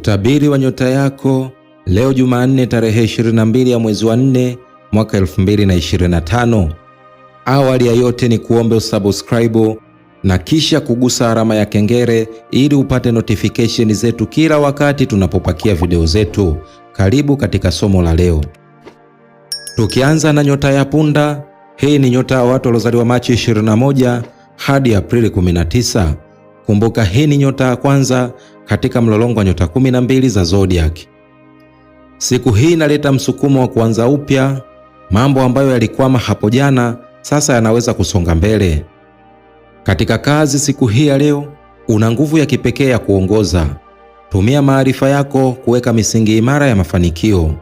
Utabiri wa nyota yako leo Jumanne tarehe 22 ya mwezi wa 4 mwaka 2025. Awali ya yote ni kuombe usubscribe na kisha kugusa alama ya kengele ili upate notification zetu kila wakati tunapopakia video zetu. Karibu katika somo la leo, tukianza na nyota ya punda. Hii ni nyota ya watu waliozaliwa Machi 21 hadi Aprili 19. Kumbuka, hii ni nyota ya kwanza katika mlolongo wa nyota 12 za zodiac. Siku hii inaleta msukumo wa kuanza upya. Mambo ambayo yalikwama hapo jana sasa yanaweza kusonga mbele. Katika kazi siku hii ya leo, una nguvu ya kipekee ya kuongoza. Tumia maarifa yako kuweka misingi imara ya mafanikio.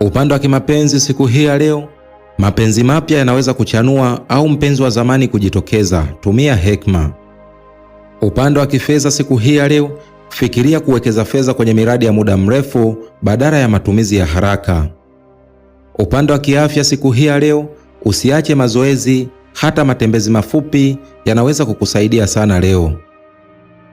Upande wa kimapenzi siku hii ya leo, mapenzi mapya yanaweza kuchanua au mpenzi wa zamani kujitokeza. Tumia hekima. Upande wa kifedha siku hii ya leo, fikiria kuwekeza fedha kwenye miradi ya muda mrefu badala ya matumizi ya haraka. Upande wa kiafya siku hii ya leo, usiache mazoezi, hata matembezi mafupi yanaweza kukusaidia sana leo.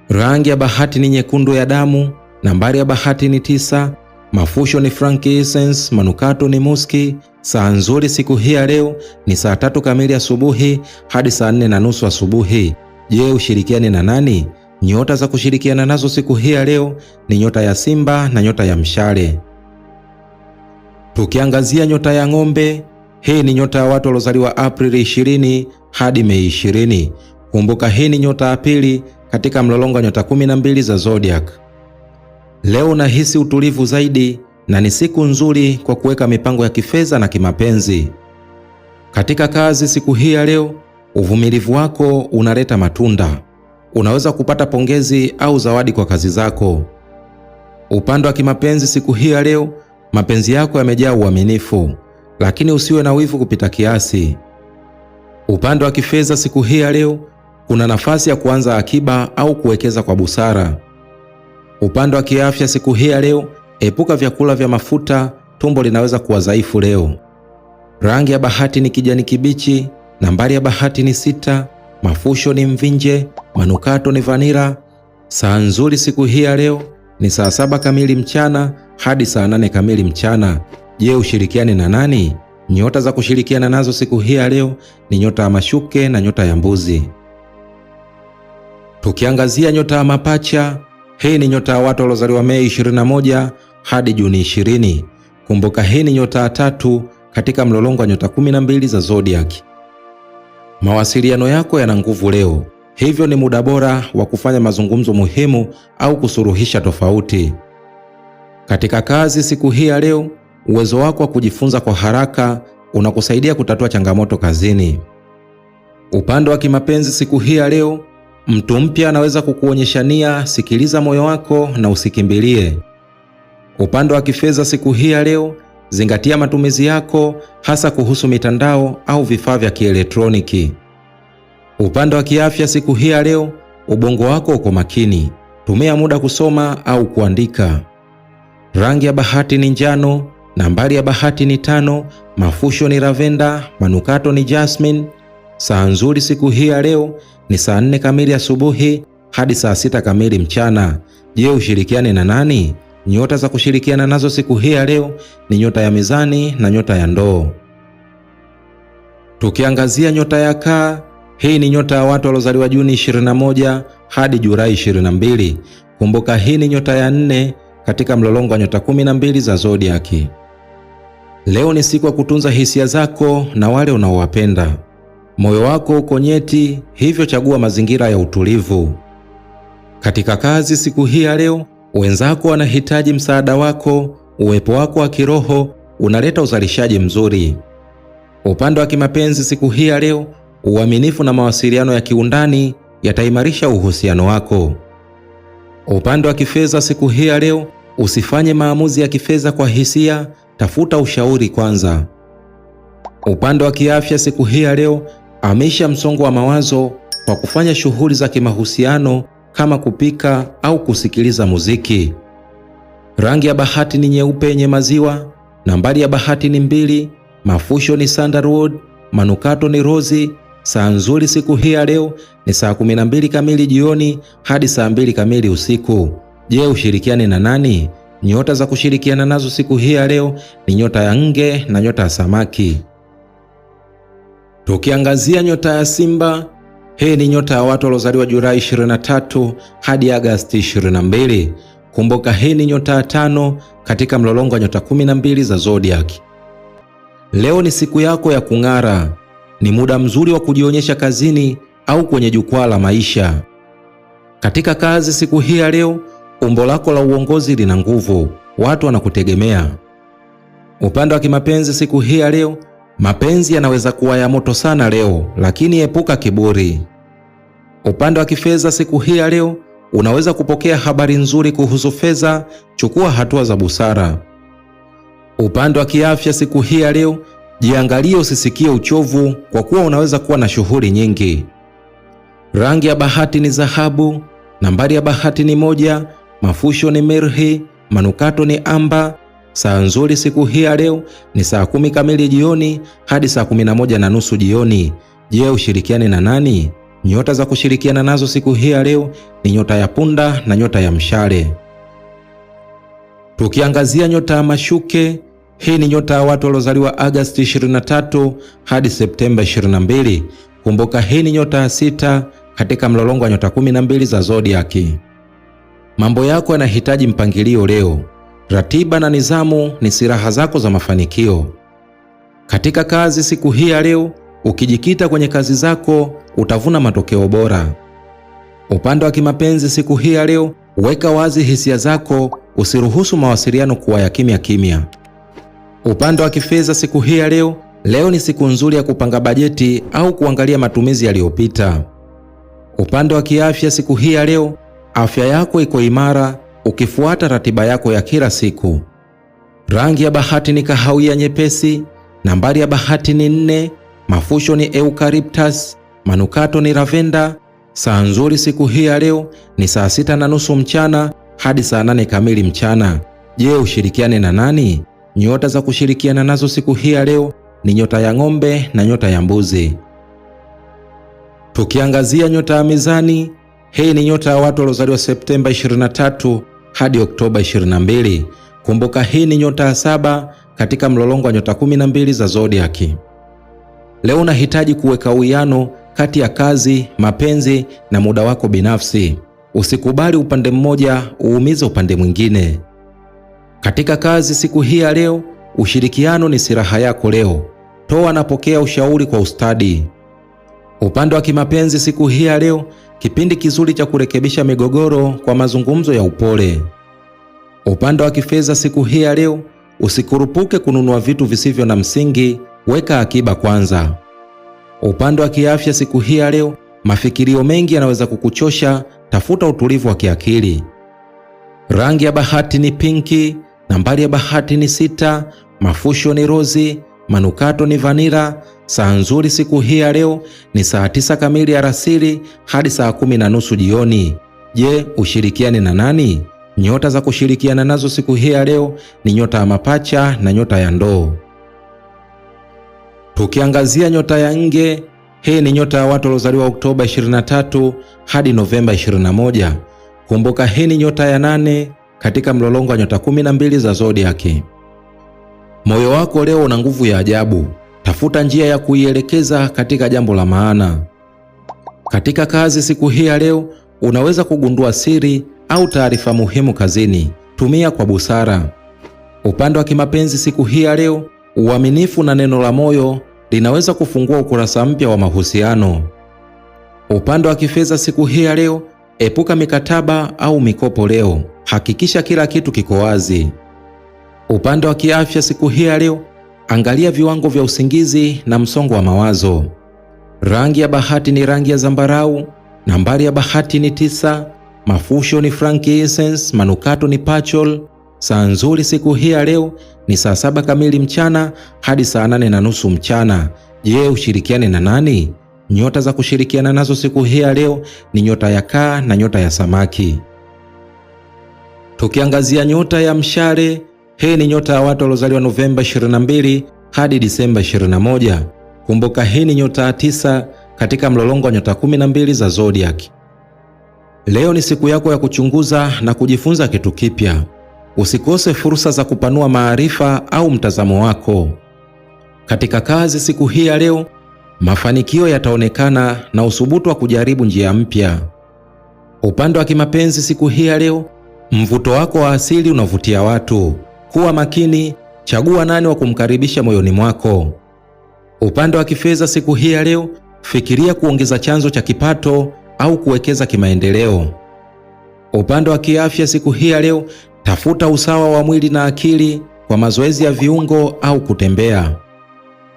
Rangi ya bahati ni nyekundu ya damu. Nambari ya bahati ni tisa. Mafusho ni frankincense, manukato ni muski. Saa nzuri siku hii ya leo ni saa tatu kamili asubuhi hadi saa nne na nusu asubuhi. Je, ushirikiane na nani? Nyota za kushirikiana nazo siku hii ya leo ni nyota ya Simba na nyota ya Mshale. Tukiangazia nyota ya Ng'ombe, hii ni nyota ya watu waliozaliwa Aprili 20 hadi Mei 20. Kumbuka hii ni nyota ya pili katika mlolongo wa nyota 12 za zodiac. Leo unahisi utulivu zaidi na ni siku nzuri kwa kuweka mipango ya kifedha na kimapenzi. Katika kazi siku hii ya leo, Uvumilivu wako unaleta matunda. Unaweza kupata pongezi au zawadi kwa kazi zako. Upande wa kimapenzi siku hii ya leo, mapenzi yako yamejaa uaminifu, lakini usiwe na wivu kupita kiasi. Upande wa kifedha siku hii ya leo, kuna nafasi ya kuanza akiba au kuwekeza kwa busara. Upande wa kiafya siku hii ya leo, epuka vyakula vya mafuta, tumbo linaweza kuwa dhaifu leo. Rangi ya bahati ni kijani kibichi. Nambari ya bahati ni sita. Mafusho ni mvinje, manukato ni vanira. Saa nzuri siku hii ya leo ni saa saba kamili mchana hadi saa nane kamili mchana. Je, ushirikiane na nani? Nyota za kushirikiana nazo siku hii ya leo ni nyota ya mashuke na nyota ya mbuzi. Tukiangazia nyota ya mapacha, hii ni nyota ya watu waliozaliwa Mei 21 hadi Juni 20. Kumbuka, hii ni nyota ya tatu katika mlolongo wa nyota 12 za zodiac. Mawasiliano yako yana nguvu leo, hivyo ni muda bora wa kufanya mazungumzo muhimu au kusuluhisha tofauti. Katika kazi siku hii ya leo, uwezo wako wa kujifunza kwa haraka unakusaidia kutatua changamoto kazini. Upande wa kimapenzi siku hii ya leo, mtu mpya anaweza kukuonyesha nia. Sikiliza moyo wako na usikimbilie. Upande wa kifedha siku hii ya leo, zingatia matumizi yako hasa kuhusu mitandao au vifaa vya kielektroniki. Upande wa kiafya siku hii ya leo, ubongo wako uko makini. Tumia muda kusoma au kuandika. Rangi ya bahati ni njano, nambari ya bahati ni tano, mafusho ni lavenda, manukato ni jasmine. Saa nzuri siku hii ya leo ni saa nne kamili asubuhi hadi saa sita kamili mchana. Je, ushirikiane na nani? Nyota za kushirikiana nazo siku hii ya leo ni nyota ya mizani na nyota ya ndoo. Tukiangazia nyota ya kaa, hii ni nyota ya watu waliozaliwa Juni 21 hadi Julai 22. Kumbuka hii ni nyota ya nne katika mlolongo wa nyota 12 za zodiaki. Leo ni siku ya kutunza hisia zako na wale unaowapenda. Moyo wako uko nyeti, hivyo chagua mazingira ya utulivu. Katika kazi siku hii ya leo, Wenzako wanahitaji msaada wako. Uwepo wako wa kiroho unaleta uzalishaji mzuri. Upande wa kimapenzi siku hii ya leo, uaminifu na mawasiliano ya kiundani yataimarisha uhusiano wako. Upande wa kifedha siku hii ya leo, usifanye maamuzi ya kifedha kwa hisia, tafuta ushauri kwanza. Upande wa kiafya siku hii ya leo, amisha msongo wa mawazo kwa kufanya shughuli za kimahusiano kama kupika au kusikiliza muziki. Rangi ya bahati ni nyeupe yenye maziwa, nambari ya bahati ni mbili, mafusho ni sandalwood, manukato ni rozi. Saa nzuri siku hii ya leo ni saa 12 kamili jioni hadi saa 2 kamili usiku. Je, ushirikiane na nani? Nyota za kushirikiana nazo siku hii ya leo ni nyota ya nge na nyota ya samaki. Tukiangazia nyota ya Simba, hii ni nyota ya watu waliozaliwa Julai 23 hadi Agasti 22. Kumbuka hii ni nyota ya tano katika mlolongo wa nyota 12 za zodiac. Leo ni siku yako ya kung'ara. Ni muda mzuri wa kujionyesha kazini au kwenye jukwaa la maisha. Katika kazi siku hii ya leo, umbo lako la uongozi lina nguvu, watu wanakutegemea. Upande wa kimapenzi siku hii ya leo, Mapenzi yanaweza kuwa ya moto sana leo, lakini epuka kiburi. Upande wa kifedha siku hii ya leo, unaweza kupokea habari nzuri kuhusu fedha. Chukua hatua za busara. Upande wa kiafya siku hii ya leo, jiangalie usisikie uchovu, kwa kuwa unaweza kuwa na shughuli nyingi. Rangi ya bahati ni dhahabu. Nambari ya bahati ni moja. Mafusho ni mirhi. Manukato ni amba. Saa nzuri siku hii ya leo ni saa kumi kamili jioni hadi saa kumi na moja na nusu jioni. Je, ushirikiane na nani? Nyota za kushirikiana nazo siku hii ya leo ni nyota ya punda na nyota ya mshale. Tukiangazia nyota ya mashuke, hii ni nyota ya watu waliozaliwa Agosti 23 hadi Septemba 22. Kumbuka hii ni nyota ya sita katika mlolongo wa nyota 12 za zodiaki. Mambo yako yanahitaji mpangilio leo. Ratiba na nidhamu ni silaha zako za mafanikio katika kazi. Siku hii ya leo, ukijikita kwenye kazi zako utavuna matokeo bora. Upande wa kimapenzi, siku hii ya leo, weka wazi hisia zako, usiruhusu mawasiliano kuwa ya kimya kimya. Upande wa kifedha, siku hii ya leo, leo ni siku nzuri ya kupanga bajeti au kuangalia matumizi yaliyopita. Upande wa kiafya, siku hii ya leo, afya yako iko imara ukifuata ratiba yako ya kila siku. Rangi ya bahati ni kahawia nyepesi, nambari ya bahati ni nne, mafusho ni eucalyptus, manukato ni lavenda. Saa nzuri siku hii ya leo ni saa sita na nusu mchana hadi saa nane kamili mchana. Je, ushirikiane na nani? Nyota za kushirikiana nazo siku hii ya leo ni nyota ya ng'ombe na nyota ya mbuzi. Tukiangazia nyota ya mizani, hii ni nyota ya watu waliozaliwa Septemba 23 hadi Oktoba 22. Kumbuka hii ni nyota ya saba katika mlolongo wa nyota 12 za zodiaki. Leo unahitaji kuweka uwiano kati ya kazi, mapenzi na muda wako binafsi. Usikubali upande mmoja uumize upande mwingine. Katika kazi siku hii ya leo, ushirikiano ni silaha yako leo. Toa na pokea ushauri kwa ustadi. Upande wa kimapenzi siku hii ya leo, kipindi kizuri cha kurekebisha migogoro kwa mazungumzo ya upole. Upande wa kifedha siku hii ya leo, usikurupuke kununua vitu visivyo na msingi, weka akiba kwanza. Upande wa kiafya siku hii ya leo, mafikirio mengi yanaweza kukuchosha, tafuta utulivu wa kiakili. Rangi ya bahati ni pinki, nambari ya bahati ni sita, mafusho ni rozi, manukato ni vanira, Saa nzuri siku hii ya leo ni saa tisa kamili ya rasili hadi saa kumi na nusu jioni. Je, ushirikiane na nani? Nyota za kushirikiana nazo siku hii ya leo ni nyota ya mapacha na nyota ya ndoo. Tukiangazia nyota ya nge, hii ni nyota ya watu waliozaliwa Oktoba 23 hadi Novemba 21. Kumbuka hii ni nyota ya nane katika mlolongo wa nyota 12 za zodiaki. Moyo wako leo una nguvu ya ajabu Tafuta njia ya kuielekeza katika jambo la maana. Katika kazi siku hii ya leo, unaweza kugundua siri au taarifa muhimu kazini. Tumia kwa busara. Upande wa kimapenzi siku hii ya leo, uaminifu na neno la moyo linaweza kufungua ukurasa mpya wa mahusiano. Upande wa kifedha siku hii ya leo, epuka mikataba au mikopo leo. Hakikisha kila kitu kiko wazi. Upande wa kiafya siku hii ya leo, Angalia viwango vya usingizi na msongo wa mawazo. Rangi ya bahati ni rangi ya zambarau, nambari ya bahati ni tisa, mafusho ni frankincense, manukato ni patchol. Saa nzuri siku hii ya leo ni saa saba kamili mchana hadi saa nane na nusu mchana. Je, ushirikiane na nani? Nyota za kushirikiana nazo siku hii ya leo ni nyota ya kaa na nyota ya samaki. Tukiangazia nyota ya mshale hii ni nyota ya watu waliozaliwa Novemba 22 hadi Disemba 21. Kumbuka hii ni nyota ya tisa katika mlolongo wa nyota 12 za zodiac. Leo ni siku yako ya kuchunguza na kujifunza kitu kipya. Usikose fursa za kupanua maarifa au mtazamo wako. Katika kazi siku hii ya leo, mafanikio yataonekana na usubutu wa kujaribu njia mpya. Upande wa kimapenzi siku hii ya leo, mvuto wako wa asili unavutia watu kuwa makini, chagua nani wa kumkaribisha moyoni mwako. Upande wa kifedha siku hii ya leo, fikiria kuongeza chanzo cha kipato au kuwekeza kimaendeleo. Upande wa kiafya siku hii ya leo, tafuta usawa wa mwili na akili kwa mazoezi ya viungo au kutembea.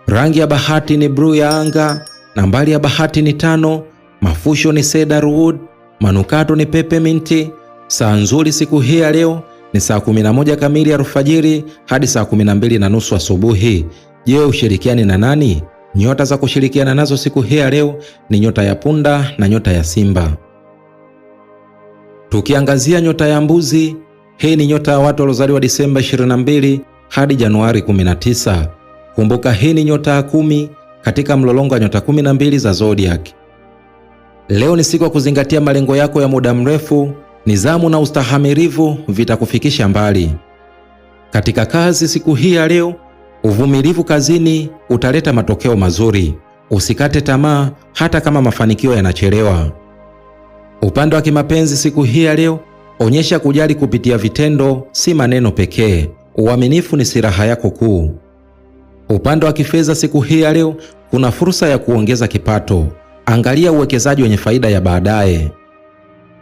Rangi ya bahati ni bluu ya anga. Nambari ya bahati ni tano. Mafusho ni cedarwood. Manukato ni pepeminti. Saa nzuri siku hii ya leo ni saa 11 kamili alfajiri hadi saa 12 na nusu asubuhi. Je, ushirikiani na nani? Nyota za kushirikiana nazo siku hii ya leo ni nyota ya punda na nyota ya simba. Tukiangazia nyota ya mbuzi, hii ni nyota ya watu waliozaliwa Disemba 22 hadi Januari 19. Kumbuka hii ni nyota ya kumi katika mlolongo wa nyota 12 za zodiac. Leo ni siku ya kuzingatia malengo yako ya muda mrefu Nizamu na ustahamilivu vitakufikisha mbali katika kazi. Siku hii ya leo, uvumilivu kazini utaleta matokeo mazuri. Usikate tamaa hata kama mafanikio yanachelewa. Upande wa kimapenzi, siku hii ya leo, onyesha kujali kupitia vitendo, si maneno pekee. Uaminifu ni silaha yako kuu. Upande wa kifedha, siku hii ya leo, kuna fursa ya kuongeza kipato. Angalia uwekezaji wenye faida ya baadaye.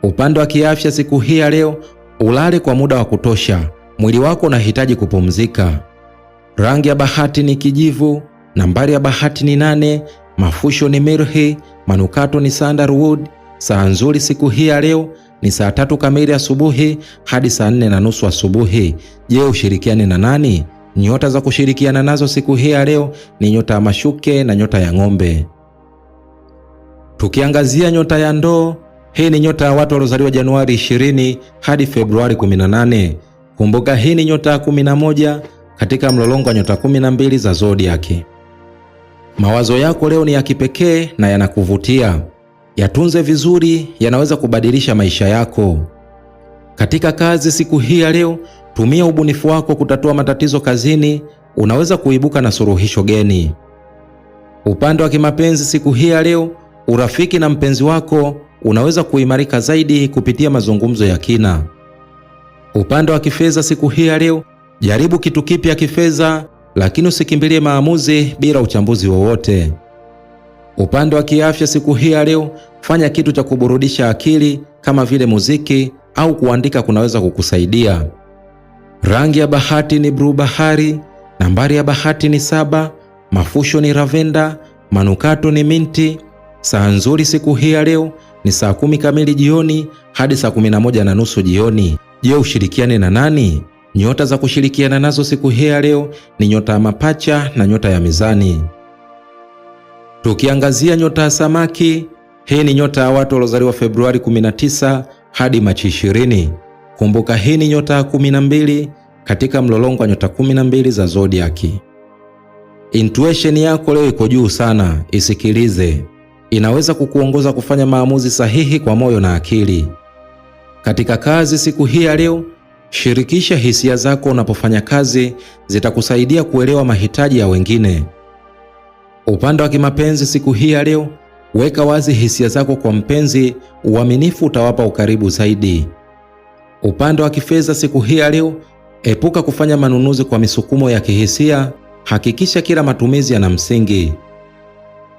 Upande wa kiafya siku hii ya leo, ulale kwa muda wa kutosha, mwili wako unahitaji kupumzika. Rangi ya bahati ni kijivu. Nambari ya bahati ni nane. Mafusho ni mirhi. Manukato ni sandalwood. Saa nzuri siku hii ya leo ni saa tatu kamili asubuhi hadi saa nne na nusu asubuhi. Je, ushirikiane na nani? Nyota za kushirikiana nazo siku hii ya leo ni nyota ya mashuke na nyota ya ng'ombe. Tukiangazia nyota ya ndoo, hii ni nyota ya watu waliozaliwa Januari 20 hadi Februari 18. Kumbuka hii ni nyota ya 11 katika mlolongo wa nyota 12 za zodiaki. Mawazo yako leo ni ya kipekee na yanakuvutia. Yatunze vizuri, yanaweza kubadilisha maisha yako. Katika kazi siku hii ya leo, tumia ubunifu wako kutatua matatizo kazini, unaweza kuibuka na suluhisho geni. Upande wa kimapenzi siku hii ya leo, urafiki na mpenzi wako unaweza kuimarika zaidi kupitia mazungumzo ya kina. Upande wa kifedha siku hii ya leo, jaribu kitu kipya kifedha, lakini usikimbilie maamuzi bila uchambuzi wowote. Upande wa kiafya siku hii ya leo, fanya kitu cha kuburudisha akili kama vile muziki au kuandika kunaweza kukusaidia. Rangi ya bahati ni bluu bahari. Nambari ya bahati ni saba. Mafusho ni ravenda. Manukato ni minti. Saa nzuri siku hii ya leo ni saa kumi kamili jioni hadi saa kumi na moja na nusu jioni. Je, ushirikiane na nani? Nyota za kushirikiana nazo siku hii ya leo ni nyota ya mapacha na nyota ya mizani. Tukiangazia nyota ya samaki, hii ni nyota ya watu waliozaliwa Februari 19 hadi Machi 20. Kumbuka hii ni nyota ya 12 katika mlolongo wa nyota 12 za zodiaki. Intuition yako leo iko juu sana, isikilize inaweza kukuongoza kufanya maamuzi sahihi kwa moyo na akili. Katika kazi siku hii ya leo, shirikisha hisia zako unapofanya kazi, zitakusaidia kuelewa mahitaji ya wengine. Upande wa kimapenzi siku hii ya leo, weka wazi hisia zako kwa mpenzi, uaminifu utawapa ukaribu zaidi. Upande wa kifedha siku hii ya leo, epuka kufanya manunuzi kwa misukumo ya kihisia, hakikisha kila matumizi yana msingi.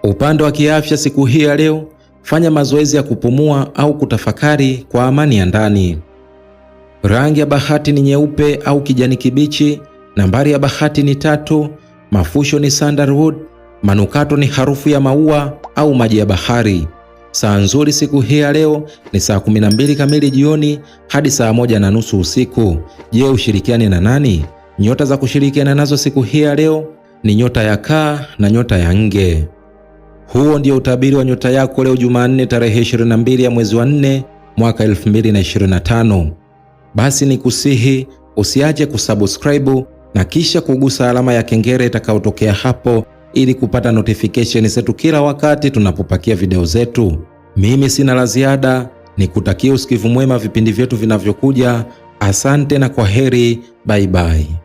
Upande wa kiafya siku hii ya leo, fanya mazoezi ya kupumua au kutafakari kwa amani ya ndani. Rangi ya bahati ni nyeupe au kijani kibichi. Nambari ya bahati ni tatu. Mafusho ni sandalwood. Manukato ni harufu ya maua au maji ya bahari. Saa nzuri siku hii ya leo ni saa 12 kamili jioni hadi saa moja na nusu usiku. Je, ushirikiane na nani? Nyota za kushirikiana nazo siku hii ya leo ni nyota ya kaa na nyota ya nge. Huo ndio utabiri wa nyota yako leo Jumanne tarehe 22 ya mwezi wa 4 mwaka 2025. Basi ni kusihi usiache kusubscribe na kisha kugusa alama ya kengele itakayotokea hapo ili kupata notification zetu kila wakati tunapopakia video zetu. Mimi sina la ziada, nikutakia usikivu mwema vipindi vyetu vinavyokuja. Asante na kwa heri, bye bye.